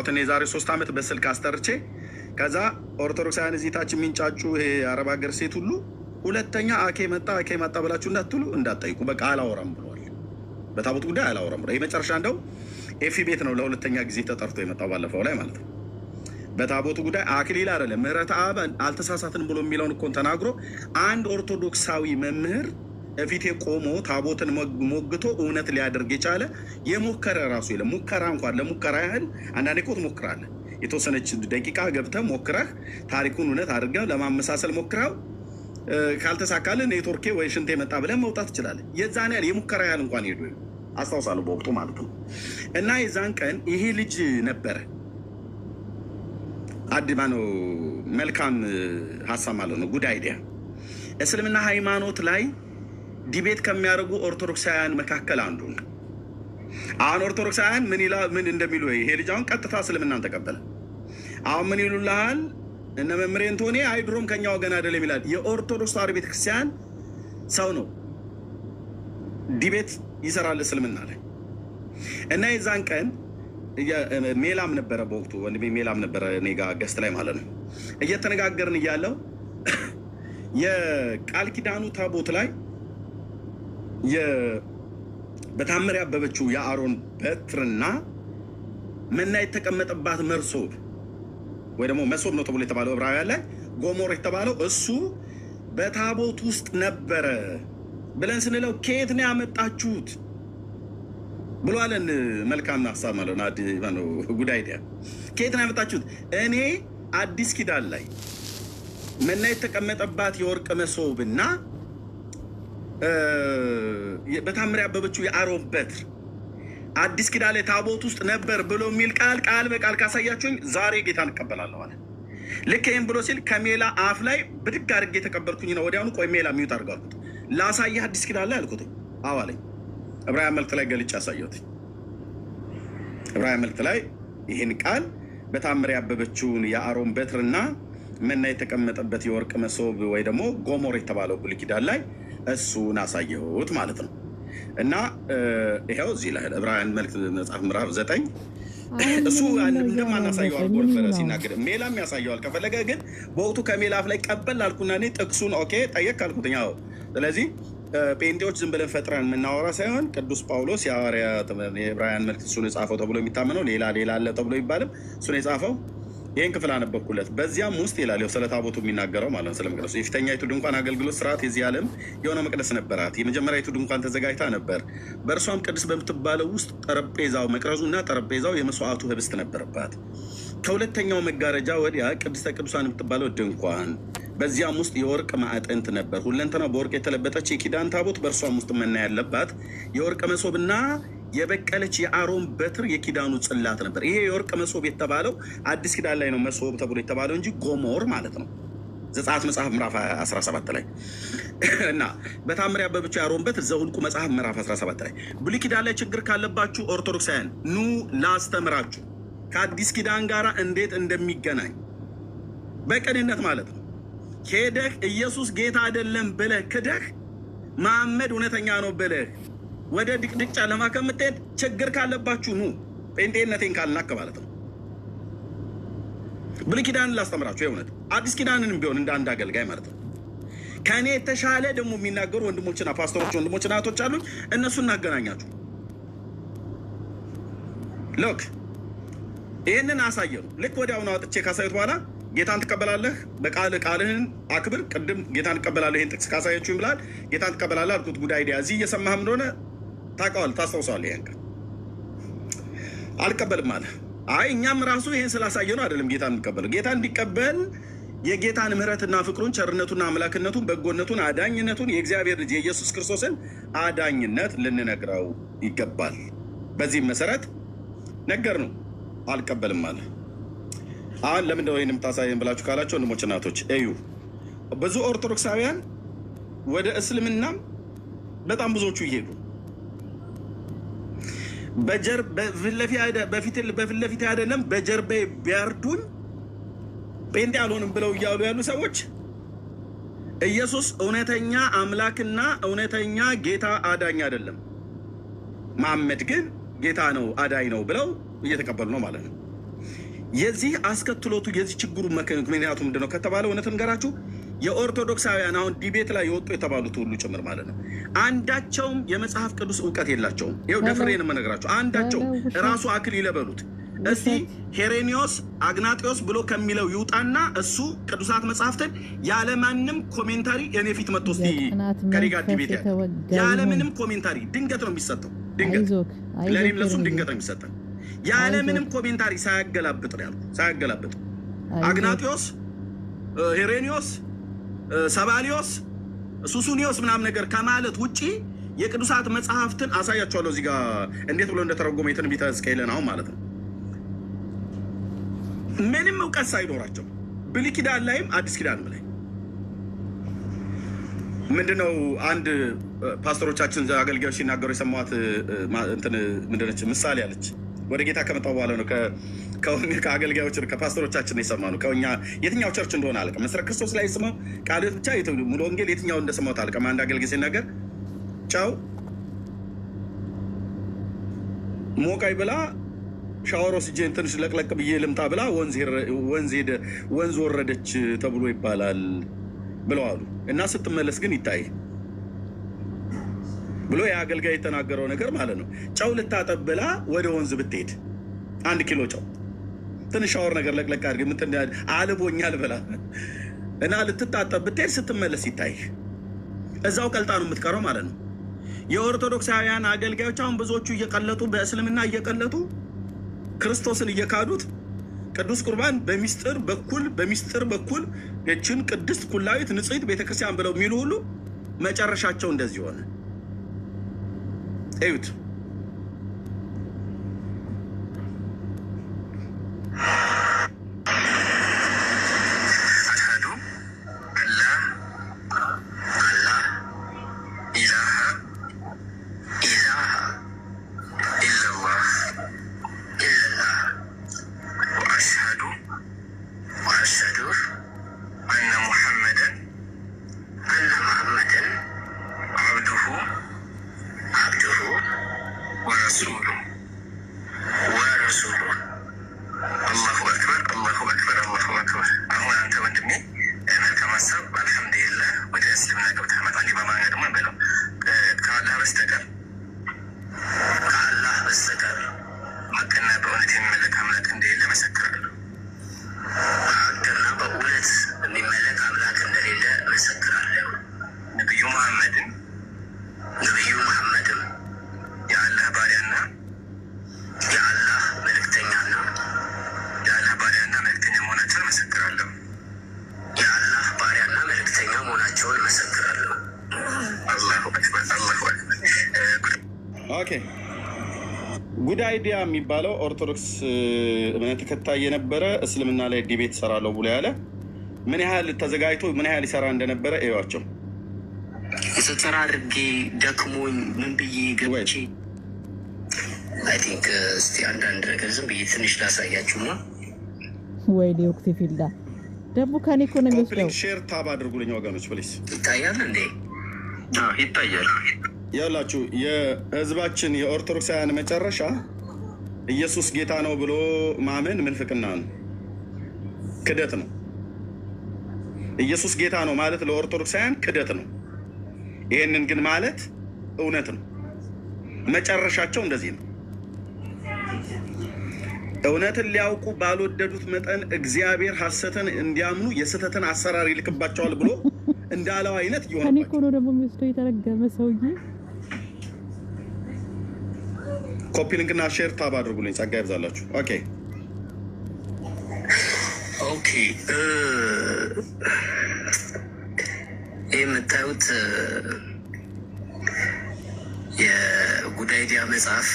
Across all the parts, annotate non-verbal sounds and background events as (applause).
ያወራሁት እኔ የዛሬ ሶስት ዓመት በስልክ አስጠርቼ ከዛ ኦርቶዶክሳውያን እዚህ የሚንጫጩ ይሄ አረብ ሀገር ሴት ሁሉ ሁለተኛ አኬ መጣ አኬ መጣ ብላችሁ እንዳትሉ እንዳትጠይቁ፣ በቃ አላወራም ብሏል። በታቦት ጉዳይ አላወራም ብለዋል። የመጨረሻ እንደው ኤፊ ቤት ነው ለሁለተኛ ጊዜ ተጠርቶ የመጣው ባለፈው ላይ ማለት ነው። በታቦቱ ጉዳይ አክሊል አይደለም ምህረት አብ አልተሳሳትን ብሎ የሚለውን እኮን ተናግሮ አንድ ኦርቶዶክሳዊ መምህር እፊቴ ቆሞ ታቦትን ሞግቶ እውነት ሊያደርግ የቻለ የሞከረ ራሱ የለም። ሙከራ እንኳን ለሙከራ ያህል አንዳንዴ እኮ ትሞክራለህ። የተወሰነች ደቂቃ ገብተህ ሞክረህ ታሪኩን እውነት አድርገህ ለማመሳሰል ሞክረው ካልተሳካል ኔትወርኬ ወይ ሽንቴ መጣ ብለን መውጣት ትችላለህ። የዛን ያህል የሙከራ ያህል እንኳን ሄዱ አስታውሳለሁ፣ በወቅቱ ማለት ነው። እና የዛን ቀን ይሄ ልጅ ነበረ አዲማ ነው መልካም ሀሳብ ማለት ነው። ጉድ አይዲያ እስልምና ሃይማኖት ላይ ዲቤት ከሚያደርጉ ኦርቶዶክሳውያን መካከል አንዱ ነው። አሁን ኦርቶዶክሳውያን ምን ይላ ምን እንደሚሉ ይሄ ልጅ አሁን ቀጥታ እስልምናን ተቀበለ። አሁን ምን ይሉልሃል? እነ መምሬን ቶኔ አይድሮም ከኛ ወገን አይደለም ይላል። የኦርቶዶክስ ተዋሕዶ ቤተክርስቲያን ሰው ነው። ዲቤት ይሰራል እስልምና ላይ እና የዛን ቀን ሜላም ነበረ በወቅቱ ወንድሜ ሜላም ነበረ እኔ ጋ ገስት ላይ ማለት ነው። እየተነጋገርን እያለው (coughs) የቃል ኪዳኑ ታቦት ላይ በታምር ያበበችው የአሮን በትርና መና የተቀመጠባት መርሶብ ወይ ደግሞ መሶብ ነው ተብሎ የተባለው ዕብራውያን ላይ ጎሞር የተባለው እሱ በታቦት ውስጥ ነበረ ብለን ስንለው ከየት ነው ያመጣችሁት ብሏለን። መልካም ሀሳብ ማለት ነው። ጉዳይ ዲያ ከየት ነው ያመጣችሁት? እኔ አዲስ ኪዳን ላይ መና የተቀመጠባት የወርቅ መሶብና በታምሪ ያበበችው የአሮን በትር አዲስ ኪዳን ታቦት ውስጥ ነበር ብሎ የሚል ቃል ቃል በቃል ካሳያችሁኝ ዛሬ ጌታ እንቀበላለሁ አለ። ልክ ይህም ብሎ ሲል ከሜላ አፍ ላይ ብድግ አድርጌ የተቀበልኩኝ ነው። ወዲያውኑ ቆይ ሜላ የሚዩት አድርገው አልኩት። ላሳየህ አዲስ ኪዳን ላይ አልኩት። አዎ አለኝ። ዕብራውያን መልእክት ላይ ገልጬ አሳየሁት። ዕብራውያን መልእክት ላይ ይህን ቃል በታምሪ ያበበችውን የአሮን በትርና መና የተቀመጠበት የወርቅ መሶብ ወይ ደግሞ ጎሞር የተባለው ብሉይ ኪዳን ላይ እሱን አሳየሁት ማለት ነው። እና ይኸው እዚህ ላይ ዕብራውያን መልእክት መጽሐፍ ምዕራፍ ዘጠኝ እሱ እንደማናሳየው አድርጎ ነበረ ሲናገር፣ ሜላም ያሳየዋል ከፈለገ። ግን በወቅቱ ከሜላፍ ላይ ቀበል አልኩና እኔ ጥቅሱን ኦኬ ጠየቅ አልኩትኛ። ስለዚህ ጴንጤዎች ዝም ብለን ፈጥረን የምናወራ ሳይሆን ቅዱስ ጳውሎስ የሐዋርያ የዕብራውያን መልእክት እሱን የጻፈው ተብሎ የሚታመነው ሌላ ሌላ አለ ተብሎ ይባልም እሱን የጻፈው ይህን ክፍል አነበብኩለት። በዚያም ውስጥ ይላል ስለ ታቦቱ የሚናገረው ማለት ስለ መቅደሱ። የፊተኛይቱ ድንኳን አገልግሎት ስርዓት የዚህ ዓለም የሆነ መቅደስ ነበራት። የመጀመሪያዊቱ ድንኳን ተዘጋጅታ ነበር። በእርሷም ቅድስት በምትባለው ውስጥ ጠረጴዛው፣ መቅረዙ እና ጠረጴዛው የመስዋዕቱ ህብስት ነበረባት። ከሁለተኛው መጋረጃ ወዲያ ቅድስተ ቅዱሳን የምትባለው ድንኳን፣ በዚያም ውስጥ የወርቅ ማዕጠንት ነበር። ሁለንተናው በወርቅ የተለበጠች የኪዳን ታቦት፣ በእርሷም ውስጥ መና ያለባት የወርቅ መሶብና የበቀለች የአሮን በትር የኪዳኑ ጽላት ነበር። ይሄ የወርቅ መሶብ የተባለው አዲስ ኪዳን ላይ ነው መሶብ ተብሎ የተባለው እንጂ ጎሞር ማለት ነው። ዘጸአት መጽሐፍ ምዕራፍ 17 ላይ እና በታምር ያበበች የአሮን በትር ዘኍልቍ መጽሐፍ ምዕራፍ 17 ላይ። ብሉይ ኪዳን ላይ ችግር ካለባችሁ ኦርቶዶክሳውያን ኑ ላስተምራችሁ ከአዲስ ኪዳን ጋር እንዴት እንደሚገናኝ በቅንነት ማለት ነው። ሄደህ ኢየሱስ ጌታ አይደለም ብለህ ክደህ መሐመድ እውነተኛ ነው ብለህ ወደ ድቅድቅ ጨለማ ከምትሄድ ችግር ካለባችሁ ኑ ጴንጤነቴን ካልናክ ማለት ነው። ብሉይ ኪዳንን ላስተምራችሁ የእውነት አዲስ ኪዳንንም ቢሆን እንደ አንድ አገልጋይ ማለት ነው። ከእኔ የተሻለ ደግሞ የሚናገሩ ወንድሞችና ፓስተሮች ወንድሞችና እህቶች አሉኝ። እነሱ እናገናኛችሁ። ሎክ ይህንን አሳየኑ። ልክ ወዲያውኑ አውጥቼ ካሳዩት በኋላ ጌታን ትቀበላለህ፣ በቃል ቃልህን አክብር። ቅድም ጌታን ትቀበላለህ፣ ይህን ጥቅስ ካሳየችሁኝ ብላል። ጌታን ትቀበላለህ አልኩት። ጉዳይ እዚህ እየሰማህም እንደሆነ ታውቀዋል፣ ታስታውሰዋል። ይህን ቀን አልቀበልም አለ። አይ እኛም ራሱ ይህን ስላሳየ ነው አይደለም ጌታ እንቀበለው። ጌታ እንዲቀበል የጌታን ምሕረትና ፍቅሩን ቸርነቱና አምላክነቱን በጎነቱን አዳኝነቱን የእግዚአብሔር ልጅ የኢየሱስ ክርስቶስን አዳኝነት ልንነግረው ይገባል። በዚህም መሰረት ነገር ነው አልቀበልም አለ። አሁን ለምንደ ይህን የምታሳየን ብላችሁ ካላቸው ወንድሞች እናቶች፣ እዩ ብዙ ኦርቶዶክሳውያን ወደ እስልምናም በጣም ብዙዎቹ እየሄዱ በፊት ለፊት አይደለም በጀርባ ቢያርዱኝ ጴንጤ አልሆንም ብለው እያሉ ያሉ ሰዎች ኢየሱስ እውነተኛ አምላክና እውነተኛ ጌታ አዳኝ አይደለም፣ መሐመድ ግን ጌታ ነው አዳኝ ነው ብለው እየተቀበሉ ነው ማለት ነው። የዚህ አስከትሎቱ የዚህ ችግሩ ምክንያቱ ምንድነው ከተባለ እውነት ንገራችሁ የኦርቶዶክሳውያን አሁን ዲቤት ላይ የወጡ የተባሉት ሁሉ ጭምር ማለት ነው። አንዳቸውም የመጽሐፍ ቅዱስ እውቀት የላቸውም። ይኸው ደፍሬ ነው የምነግራቸው። አንዳቸው ራሱ አክል ይለበሉት እስቲ ሄሬኒዮስ አግናጢዮስ ብሎ ከሚለው ይውጣና እሱ ቅዱሳት መጽሐፍትን ያለማንም ኮሜንታሪ የኔ ፊት መጥቶ ስ ከሪጋ ዲቤት ያለምንም ኮሜንታሪ ድንገት ነው የሚሰጠው። ድንገት ለእኔም ለሱም ድንገት ነው የሚሰጠው። ያለምንም ኮሜንታሪ ሳያገላብጥ ነው ያልኩት። ሳያገላብጥ አግናጢዮስ ሄሬኒዮስ ሰባሊዮስ ሱሱኒዮስ ምናምን ነገር ከማለት ውጪ የቅዱሳት መጽሐፍትን አሳያቸዋለሁ እዚህ ጋር እንዴት ብሎ እንደተረጎመ የትንቢተ ሕዝቅኤልን አሁን ማለት ነው። ምንም እውቀት ሳይኖራቸው ብሉይ ኪዳን ላይም አዲስ ኪዳንም ላይ ምንድነው አንድ ፓስተሮቻችን አገልጋዮች ሲናገሩ የሰማት ምንድነች ምሳሌ አለች ወደ ጌታ ከመጣሁ በኋላ ነው ከአገልጋዮች ከፓስተሮቻችን የሰማ ነው። ከኛ የትኛው ቸርች እንደሆነ አለቀ መስረ ክርስቶስ ላይ ስመው ቃል ብቻ ሙሉ ወንጌል የትኛው እንደሰማሁት አለቀ። አንድ አገልጋይ ሲናገር ጫው ሞቃይ ብላ ሻወር ወስጄ ትንሽ ለቅለቅ ብዬ ልምጣ ብላ ወንዝ ወረደች ተብሎ ይባላል ብለው አሉ እና ስትመለስ ግን ይታይ ብሎ የአገልጋይ የተናገረው ነገር ማለት ነው። ጨው ልታጠብ ብላ ወደ ወንዝ ብትሄድ አንድ ኪሎ ጨው ትንሽ አወር ነገር ለቅለቅ አድርግ ምትን አልቦኛል ብላ እና ልትታጠብ ብትሄድ ስትመለስ ይታይ እዛው ቀልጣ ነው የምትቀረው ማለት ነው። የኦርቶዶክሳውያን አገልጋዮች አሁን ብዙዎቹ እየቀለጡ በእስልምና እየቀለጡ ክርስቶስን እየካዱት ቅዱስ ቁርባን በሚስጥር በኩል በሚስጥር በኩል ችን ቅድስት ኩላዊት ንጽሕት ቤተክርስቲያን ብለው የሚሉ ሁሉ መጨረሻቸው እንደዚህ ሆነ። Evet. So ጁዳይዲያ የሚባለው ኦርቶዶክስ እምነት ተከታይ የነበረ እስልምና ላይ ዲቤት ሰራለሁ ብሎ ያለ ምን ያህል ተዘጋጅቶ ምን ያህል ይሰራ እንደነበረ እዩዋቸው። ስትሰራ አድርጌ ደክሞኝ ምን ብዬ ገብቼ አይ ቲንክ እስቲ አንዳንድ ነገር ዝም ብዬ ትንሽ ላሳያችሁና ወይ ሊወቅት ፊልዳ ደግሞ ከኔ እኮ ነው የሚወስደው። ሼር ታብ አድርጉልኝ ወገኖች ፕሊስ። ይታያል እንዴ? ይታያል ያውላችሁ የህዝባችን የኦርቶዶክሳውያን መጨረሻ ኢየሱስ ጌታ ነው ብሎ ማመን ምንፍቅና ነው፣ ክደት ነው። ኢየሱስ ጌታ ነው ማለት ለኦርቶዶክሳውያን ክደት ነው። ይህንን ግን ማለት እውነት ነው። መጨረሻቸው እንደዚህ ነው። እውነትን ሊያውቁ ባልወደዱት መጠን እግዚአብሔር ሐሰትን እንዲያምኑ የስህተትን አሰራር ይልክባቸዋል ብሎ እንዳለው አይነት ይሆናል። እኔ እኮ ነው ደግሞ ሚስቶ የተረገመ ሰውዬ ኮፒ ሊንክ እና ሼር ታብ አድርጉልኝ። ጸጋ ይብዛላችሁ። ኦኬ ኦኬ። ይህ የምታዩት የጉዳይዲያ መጽሐፍ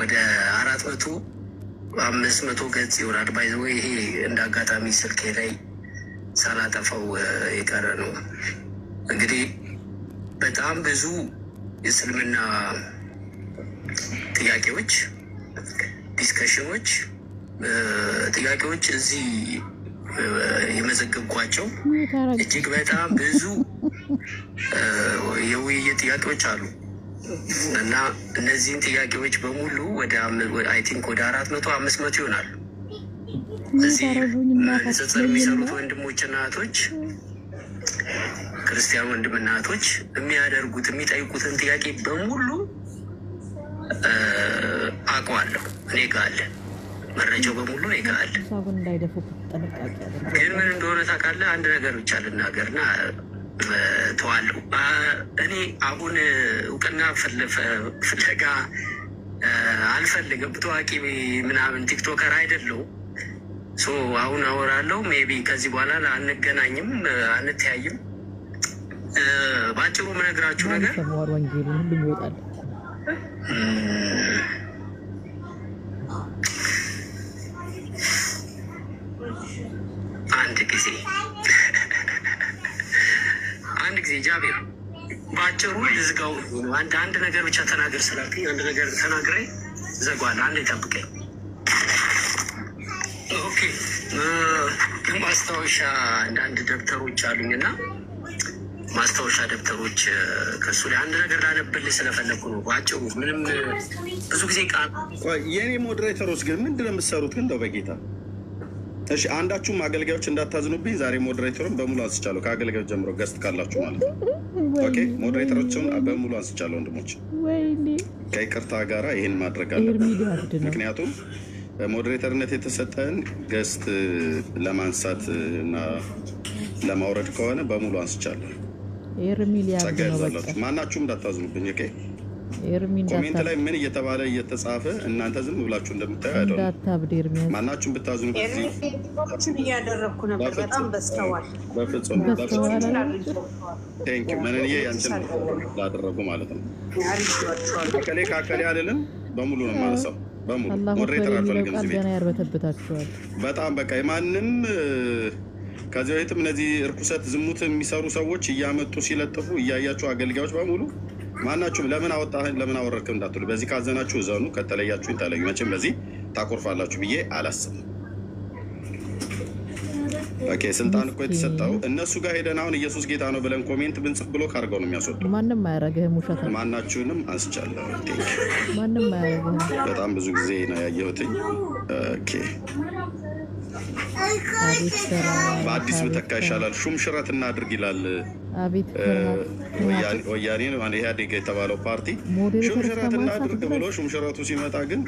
ወደ አራት መቶ አምስት መቶ ገጽ ይሆናል። ባይዘው ይሄ እንደ አጋጣሚ ስልኬ ላይ ሳላጠፋው የቀረ ነው። እንግዲህ በጣም ብዙ የእስልምና ጥያቄዎች፣ ዲስከሽኖች፣ ጥያቄዎች እዚህ የመዘገብኳቸው እጅግ በጣም ብዙ የውይይት ጥያቄዎች አሉ እና እነዚህን ጥያቄዎች በሙሉ ወደ አይ ቲንክ ወደ አራት መቶ አምስት መቶ ይሆናሉ። ንጽጽር የሚሰሩት ወንድሞችና እህቶች ክርስቲያን ወንድምና እህቶች የሚያደርጉት የሚጠይቁትን ጥያቄ በሙሉ አውቀዋለሁ። እኔ ጋ አለ መረጃው በሙሉ እኔ ጋ አለ። ግን ምን እንደሆነ ታውቃለህ? አንድ ነገር ብቻ ልናገር ልናገርና ተዋለሁ። እኔ አሁን እውቅና ፍለጋ አልፈልግም። ታዋቂ ምናምን ቲክቶከር አይደለው ሶ አሁን አወራለሁ። ሜቢ ከዚህ በኋላ አንገናኝም፣ አንተያይም። በአጭሩ ምነግራችሁ ነገር ሁሉም ይወጣል አንድ ጊዜ አንድ ጊዜ ጃቤር በአጭሩ ልዝጋው። አንድ አንድ ነገር ብቻ ተናገር ስላልከኝ አንድ ነገር ተናግረኝ ዘጓል። አንድ ይጠብቀኝ። ኦኬ ማስታወሻ አንዳንድ ደብተሮች አሉኝ እና ማስታወሻ ደብተሮች ከሱ ላይ አንድ ነገር ላነብልህ ስለፈለግኩ ነው። በአጭሩ ምንም ብዙ ጊዜ ቃ የእኔ ሞዴሬተሮች ግን ምንድን ነው የምትሰሩት? ግን እንደው በጌታ እሺ፣ አንዳችሁም አገልጋዮች እንዳታዝኑብኝ። ዛሬ ሞዴሬተሩን በሙሉ አንስቻለሁ፣ ከአገልጋዮች ጀምሮ ገስት ካላችሁ ማለት ነው። ኦኬ፣ በሙሉ አንስቻለሁ። ወንድሞች ከይቅርታ ጋራ ይህን ማድረግ አለብን፣ ምክንያቱም ሞዴሬተርነት የተሰጠን ገስት ለማንሳት እና ለማውረድ ከሆነ በሙሉ አንስቻለሁ። ኤርሚ ሊያዝ ነው። በቃ ማናችሁም እንዳታዝኑብኝ። ኦኬ ኤርሚ ኮሜንት ላይ ምን እየተባለ እየተጻፈ እናንተ ዝም ብላችሁ እንደምታዩ አይደለም። እንዳታብድ ኤርሚ ማናችሁም ብታዝኑ እያደረግኩ ነበር። በጣም በስተዋል በፍጹም በስተዋል። ቴንክ ዩ መነንዬ ያንችን ላደረጉ ማለት ነው። ከከሌ ካከሌ አልልም። በሙሉ ነው ማነሳው በሙሉ ሞሬተር አልፈልግም። በጣም በቃ የማንም ከዚህ በፊትም እነዚህ እርኩሰት ዝሙት የሚሰሩ ሰዎች እያመጡ ሲለጥፉ እያያችሁ አገልጋዮች በሙሉ ማናችሁም ለምን አወጣህን ለምን አወረድክም እንዳትሉ። በዚህ ካዘናችሁ ዘኑ፣ ከተለያችሁ ተለዩ። መቼም በዚህ ታኮርፋላችሁ ብዬ አላስብም። ኦኬ ስልጣን እኮ የተሰጠው እነሱ ጋር ሄደን አሁን ኢየሱስ ጌታ ነው ብለን ኮሜንት ብንጽፍ ብሎ ካርገው ነው የሚያስወጡ። ማንም አያረግህም። ውሸት ማናችሁንም አንስቻለሁ። ማንም አያረግህም። በጣም ብዙ ጊዜ ነው ያየሁትኝ። ኦኬ በአዲስ ብተካ ይሻላል፣ ሹም ሽረት እናድርግ ይላል ወያኔ ኢህአዴግ የተባለው ፓርቲ። ሹም ሽረት እናድርግ ብሎ ሹም ሽረቱ ሲመጣ ግን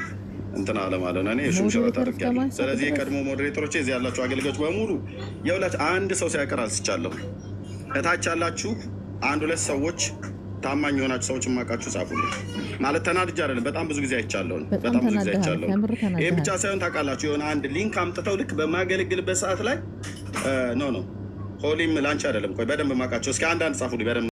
እንትን አለማለን። እኔ ሹም ሽረት አድርጊያለሁ። ስለዚህ የቀድሞ ሞዴሬተሮች፣ እዚህ ያላችሁ አገልጋዮች በሙሉ የሁለት አንድ ሰው ሲያቀር አልስቻለሁ። እታች ያላችሁ አንድ ሁለት ሰዎች ታማኝ የሆናችሁ ሰዎች የማውቃችሁ ጻፉልኝ። ማለት ተናድጄ አይደለም፣ በጣም ብዙ ጊዜ አይቻለሁ፣ በጣም ብዙ ጊዜ አይቻለሁ። ይሄ ብቻ ሳይሆን ታውቃላችሁ፣ የሆነ አንድ ሊንክ አምጥተው ልክ በማገለግልበት ሰዓት ላይ ኖ ኖ ሆሊም ላንቺ አይደለም። ቆይ በደንብ የማውቃቸው እስኪ አንዳንድ ጻፉልኝ በደንብ